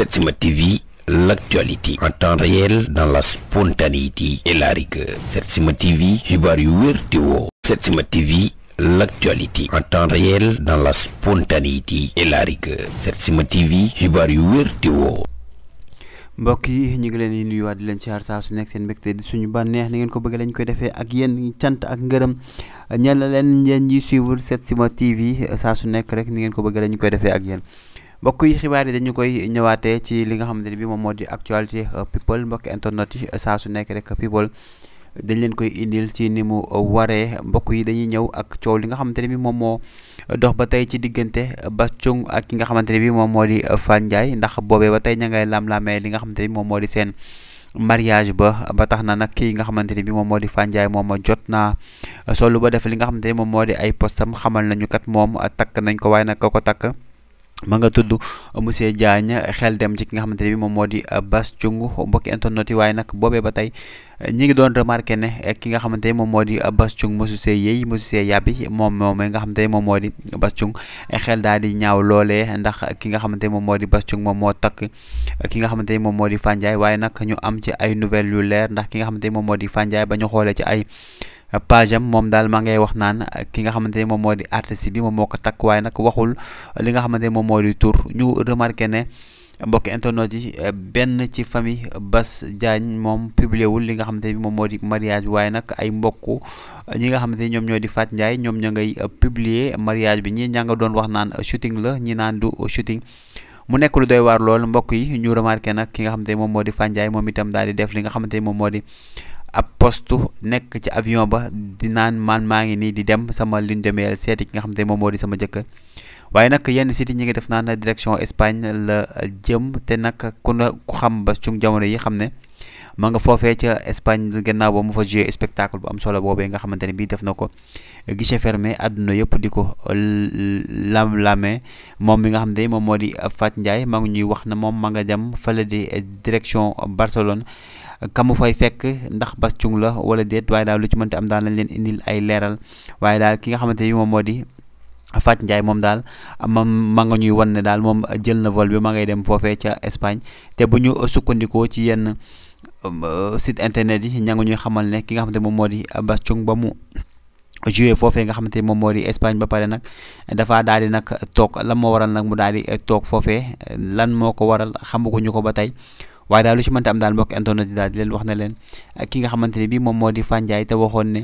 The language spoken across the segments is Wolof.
Setsima TV l'actualité en temps réel dans la spontanéité et la rigueur Setsima TV xibaar yu wér te woo Setsima TV l'actualité en temps réel dans la spontanéité et la rigueur Setsima TV xibaar yu wér te woo mbokk yi ñu ngi leen di nuyuwaat di leen ci xaar saa su nekk seen mbégte di suñu bànneex ni ngeen ko bëggee lañ koy defee ak yéen cant ak ngërëm ñeel leen ngeen ñi suivre Setsima TV saa su nekk rek ni ngeen ko bëggee lañ koy defee ak yéen mbokk yi xibaar yi dañu koy ñëwaatee ci li nga xamante ne bi moom moo di actualité euh, people mbokk internet yi saa su rek people dañ leen koy indil ci ni mu waree mbokk yi dañuy ñëw ak coow li nga xamante ne bi moom moo dox ba tey ci diggante Bass ak ki nga xamante ne bi moom moo di Fane ndax boobee ba tey ña ngay lam-lamee li nga xamante ne bi moom moo di seen mariage ba ba tax na nag kii nga xamante ni bii moom moo di Fane moom moom jot naa solu ba def li nga xamante ni moom moo di ay postam xamal nañu kat moom takk nañ ko waaye nag ko ko takk ma nga tudd monsieur Diagne xel dem ci ki nga xamante ne bi moom moo di euh, Bass Thioung mbokki internet waaye nag boobee ba tey euh, ñi ngi doon remarqué ne euh, ki nga xamante ne moom moo di Bass Thioung mosu see yéy mosu see yàbbi moom moom nga xamante ne moom moo di Bass Thioung xel daal di ñaaw loole ndax ki nga xamante ne moom moo di Bass moom moo takk ki nga xamante ne moom moo di Fandiaye waaye nag ñu am ci ay nouvelle yu leer ndax ki nga xamante ne moom moo di Fandiaye ba ñu xoolee ci ay page am moom daal maa ngay wax naan eh, ki nga xamante ne moom moo di artiste bi moom moo ko takk waaye nag waxul li nga xamante ne moom moo di tur ñu remarqué ne mbokk internet eh, benn ci famille Bass Diagne moom publié wul li nga xamante ne bi moom moo di mariage waaye nag ay mbokk eh, ñi nga xamante ni ñoom ñoo di faat Ndiaye ñoom ña ngay publier mariage bi ñi ña nga doon wax naan shooting la ñi naan du shooting mu nekk lu doy waar lool mbokk yi ñu remarqué nag ki nga xamante ne moom moo di Fatou Ndiaye moom itam daal di def li nga xamante ni moom moo di ab postu nekk ci avion ba di naan maan maa ngi nii di dem sama lune de miel seeti ki nga xam te moom moo di sama jëkkër waaye nag yenn site ñi ngi def na direction Espagne la jëm te nag ku xam ba suñu jamono yi xam ne ma nga foofee ca Espagne gannaaw ba mu fa joué spectacle bu am solo boobee nga xamante ne bii def na ko guichet fermé àdduna yëpp di ko lam-lamee moom mi nga xam ne moom moo di Fatou Ndiaye maa ngi ñuy wax na moom ma nga dem fële di direction Barcelone kamu fay fekk ndax Bass Thioung la wala déet waaye daal lu ci mënti am daal lañ leen indil ay leeral waaye daal ki nga xamante ni moom moo di Fath Ndiaye moom daal ma ma nga ñuy wan ne daal moom jël na vol bi ma ngay dem foofee ca Espagne te bu ñu sukkandikoo ci yenn um, euh, site internet yi ña ñuy xamal ne ki nga xamante moom moo di Bass Thioung ba mu joué foofe nga xamante moom moo di Espagne ba pare nag dafa daal di nag toog lan moo waral nag mu daal di toog foofee lan moo ko waral xamaguñu ko ba tey waaye daal lu ci mënta am daal mbokk internet di daal di leen wax na leen ki nga xamante ne bii moom moo di Fandiaye waxoon ne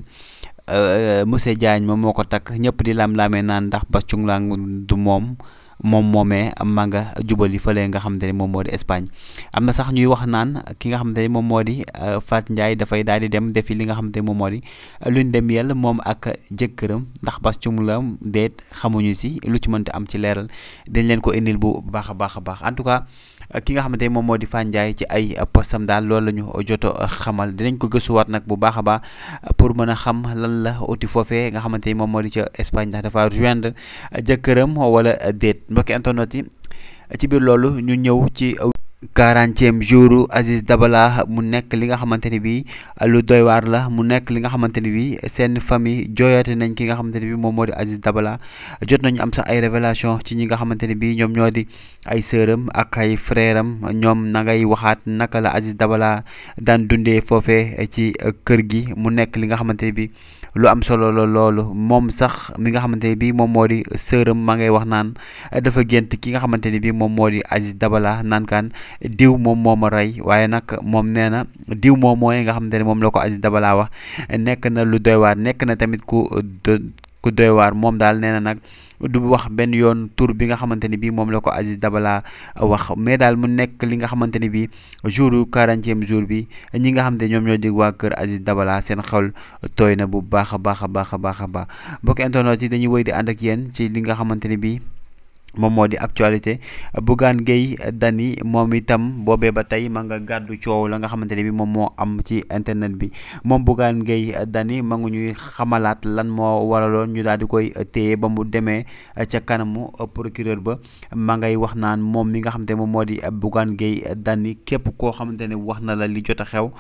euh, monsieur Diagne moom moo ko takk ñëpp di lam-laamee naan ndax ba cunglaang du moom moom moomee ma nga jubali fële nga xamante ne moom moo di Espagne am na sax ñuy wax naan ki nga xamante moom moo di euh, Fatou Ndiaye dafay daal di dem defi li nga xamante ne moom moo di euh, dem yàlla moom ak jëkkëram ndax bas ci mu xamuñu si lu ci mënti am ci leeral dañ leen ko indil bu baax a baax a baax ki nga xamante moom moo di Fane Ndiaye ci ay postam daal loolu la ñu joto xamal dinañ ko gëstuwaat nag bu baax a baax pour mën a xam lan la uti foofee nga xamante ni moom moo di ca Espagne ndax dafa rejoindre jëkkëram wala déet mbokki internet yi ci biir loolu ñu ñëw ci quarantième jour Aziz Dabala mu nekk li nga xamante ni bi lu doy la mu nekk li nga xamante ni bi seen famille jooyate nañ ki nga xamante ni bi moom moo di Aziz Dabala jot nañu am sax ay révélation ci ñi nga xamante ni bi ñoom ñoo di ay sëram ak ay frèram ñoom na ngay waxaat naka la Aziz Dabala daan dundee foofee ci kër gi mu nekk li nga xamante ni bi lu am solo loolu moom sax mi nga xamante ni bi moom moo di sëram ma ngay wax naan dafa gént ki nga xamante ni bi moom moo di Aziz Dabala naan diw moom moom ma rey waaye nag moom nee na diw moom mooy nga xamante ne moom la ko Aziz dabalaa wax nekk na lu doy nekk na tamit ku ku doy moom daal nee na nag du wax benn yoon tur bi nga xamante ni bii moom la ko Aziz dabalaa wax mais daal mu nekk li nga xamante ni bii jour yu quarantième jour bi ñi nga xamante ñoom ñoo dig waa kër Aziz dabalaa seen xol tooy na bu baax a baax a baax a baax a baax mbokk internet dañuy woy di ànd ak yéen ci li nga xamante ni bii moom moo di actualité Bougane Gueye Dany moom itam boobee ba tey ma gàddu coow la nga xamante ne bi moom moo am ci internet bi moom Bougane Gueye Dany ma ñuy xamalaat lan moo waraloon ñu daal di koy téye ba mu demee ca kanamu procureur ba ma wax naan moom mi nga xamante ne moom moo di Bougane Gueye Dany képp koo xamante ne wax na la li jot a xew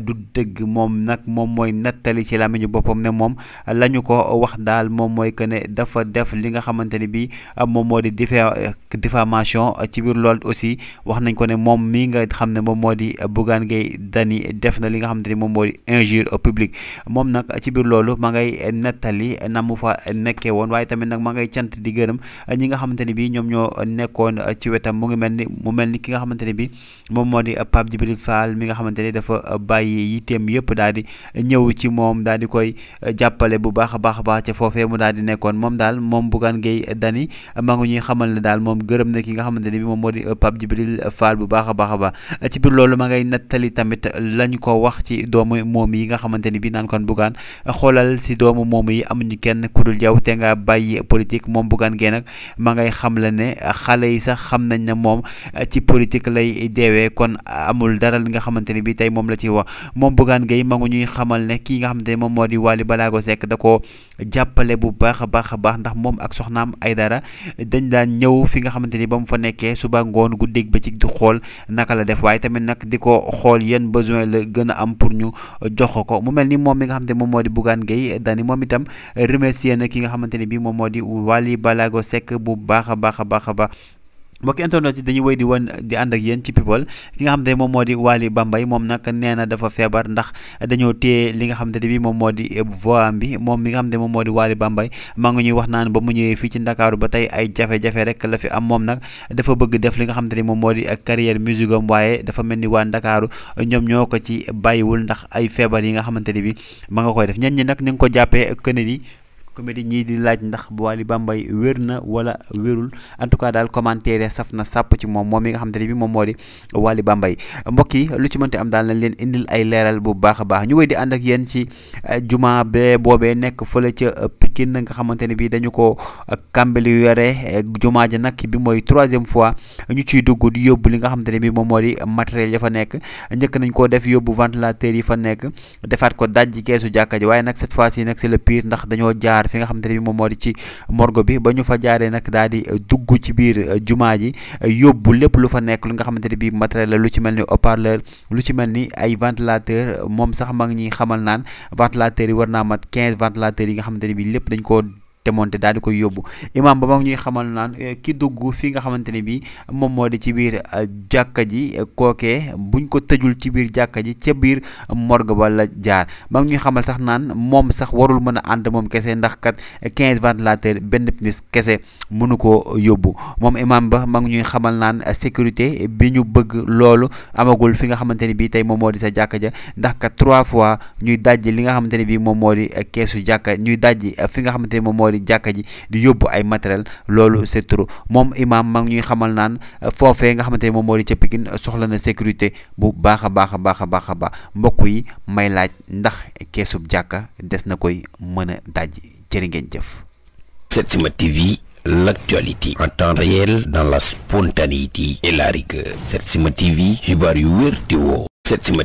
du dëgg moom nag moom mooy nettali ci làmmiñu boppam ne moom lañu ko wax daal moom mooy que ne dafa def li nga xamante ne bi moom moo di diffa euh, diffamation euh, ci biir loolu aussi wax nañ ko ne moom mii nga xam ne moom moo di euh, Bougane Gueye Dany def na li nga xam ne moom moo di injure publique moom nag ci biir loolu ma ngay nettali na mu fa nekkee woon waaye tamit nag ma ngay cant di gërëm ñi nga xamante ne bi ñoom ñoo nekkoon ci wetam mu ngi mel ni mu mel ni ki nga xamante ne bi moom moo di Pape Djibril Fall mi nga xamante ne dafa bàyyi yitteem yëpp daal di ñëw ci moom daal di koy jàppale bu baax a baax a baax ca foofee mu daal nekkoon moom daal moom Bougane Gueye Dany ma xamal ne daal moom gërëm na ki nga xamante ne bi moom moo di euh, Pape Djibril Fall bu baax a baax a baax ci biir loolu ma ngay nattali tamit lañ ko wax ci doomu moom yi nga xamante ni bi naan kon Bougane xoolal si doomu moom yi amuñu kenn ku dul yow te nga bàyyi politique moom Bougane Gueye nag ma ngay xam la ne xale yi sax xam nañ ne moom ci politique lay deewee kon amul dara li nga xamante ni bi tey moom la ci wax moom Bougane Gueye ma ngi xamal ne kii nga xamante ne moom moo di Wally Balago Seck da ko jàppale bu baax a baax a baax ndax moom ak soxnaam ay dara dañ daan ñëw fi nga xamante ni ba mu fa nekkee suba ngoon guddeeg bëccëg du xool naka la def waaye tamit nag di ko xool yéen besoin la gën a am pour ñu jox ko mu mel ni moom mi nga xam ni moom moo di Bougane Gueye Dany moom itam remercier na ki nga xamante ne bi moom moo di Wally Balago sekk bu baax a a baax a mbokki internet ci dañuy woy di wan di ànd ak yéen ci people ki nga xam ne moom moo di waali Bambey moom nag nee na dafa feebar ndax dañoo téye li nga xam ne bi moom moo di voix bi moom mi nga xam ne moom moo di Wally Bambey maa ngi ñuy wax naan ba mu ñëwee fii ci Ndakaaru ba tey ay jafe-jafe rek la fi am moom nag dafa bëgg def li nga xamante ne moom moo di carrière musique am waaye dafa mel ni waa Ndakaaru ñoom ñoo ko ci bàyyiwul ndax ay feebar yi nga xamante ne bi ma nga koy def ñenn ñi nag ni nga ko jàppee këne ni comédie ñii di laaj ndax Wally Bambey wér na wala wérul en tout cas daal commentaire saf na sàpp ci moom moom mi nga xamante ne bi moom moo di Wally Bambey mbokk yi lu ci mënti am daal nañ leen indil ay leeral bu baax a ñu wéy di ànd ak ci eh, juma bee boobee nekk fële ca eh, Pikine nga xamante ne bi dañu ko eh, kàmbali yore juma ji nag bi mooy troisième fois ñu ciy dugg di yóbbu li nga xamante ne bi moom moo di matériel ya fa nekk njëkk nañ koo def yóbbu ventilateur yi fa nekk defaat ko dajji keesu jàkka ji waaye nag cette fois ci nag c'est le pire ndax dañoo jaar jaar fi nga xamante ne bi moom moo di ci morgue bi ba ñu fa jaaree nag daal di dugg ci biir euh, jumaa ji euh, yóbbu lépp lu fa nekk lu nga xamante ne bi matériel lu ci mel ni haut-parleur lu ci mel ni ay ventilateur moom sax mag ñi xamal naan ventilateur yi war naa mat quinze ventilateur yi nga xamante ni bi lépp dañ ko te démonté daal di koy yóbbu imaam ba mag ñuy xamal naan eh, ki dugg fi nga xamante ne bi moom moo di ci biir eh, jàkka ji eh, kooke buñ ko tëjul ci biir jàkka ji ca biir morgo ba la jaar mag ñuy xamal sax naan moom sax warul mën a ànd moom kese ndax kat quinze ventilateur benn pneu kese mënu ko yóbbu moom imaam ba mag ñuy xamal naan sécurité bi ñu bëgg loolu amagul fi nga xamante ne bi tey moom moo di sa jàkka ja ndax kat trois fois ñuy dajji li nga xamante ne bi moom moo di keesu jàkka ñuy dajji fi nga xamante ne moom moo boori jàkka ji di yóbbu ay matériel loolu c'est moom imam ma ngi ñuy xamal naan euh, foofee nga xamante ne moom moo di ca Pikine euh, soxla na sécurité bu baax a baax a baax a baax a baax mbokk yi may laaj ndax keesub jàkka des na koy mën a daj jërë ngeen jëf. Setsima TV. l'actualité en temps réel dans la spontanéité et la rigueur Setsima TV xibaar yu wër di woo Setsima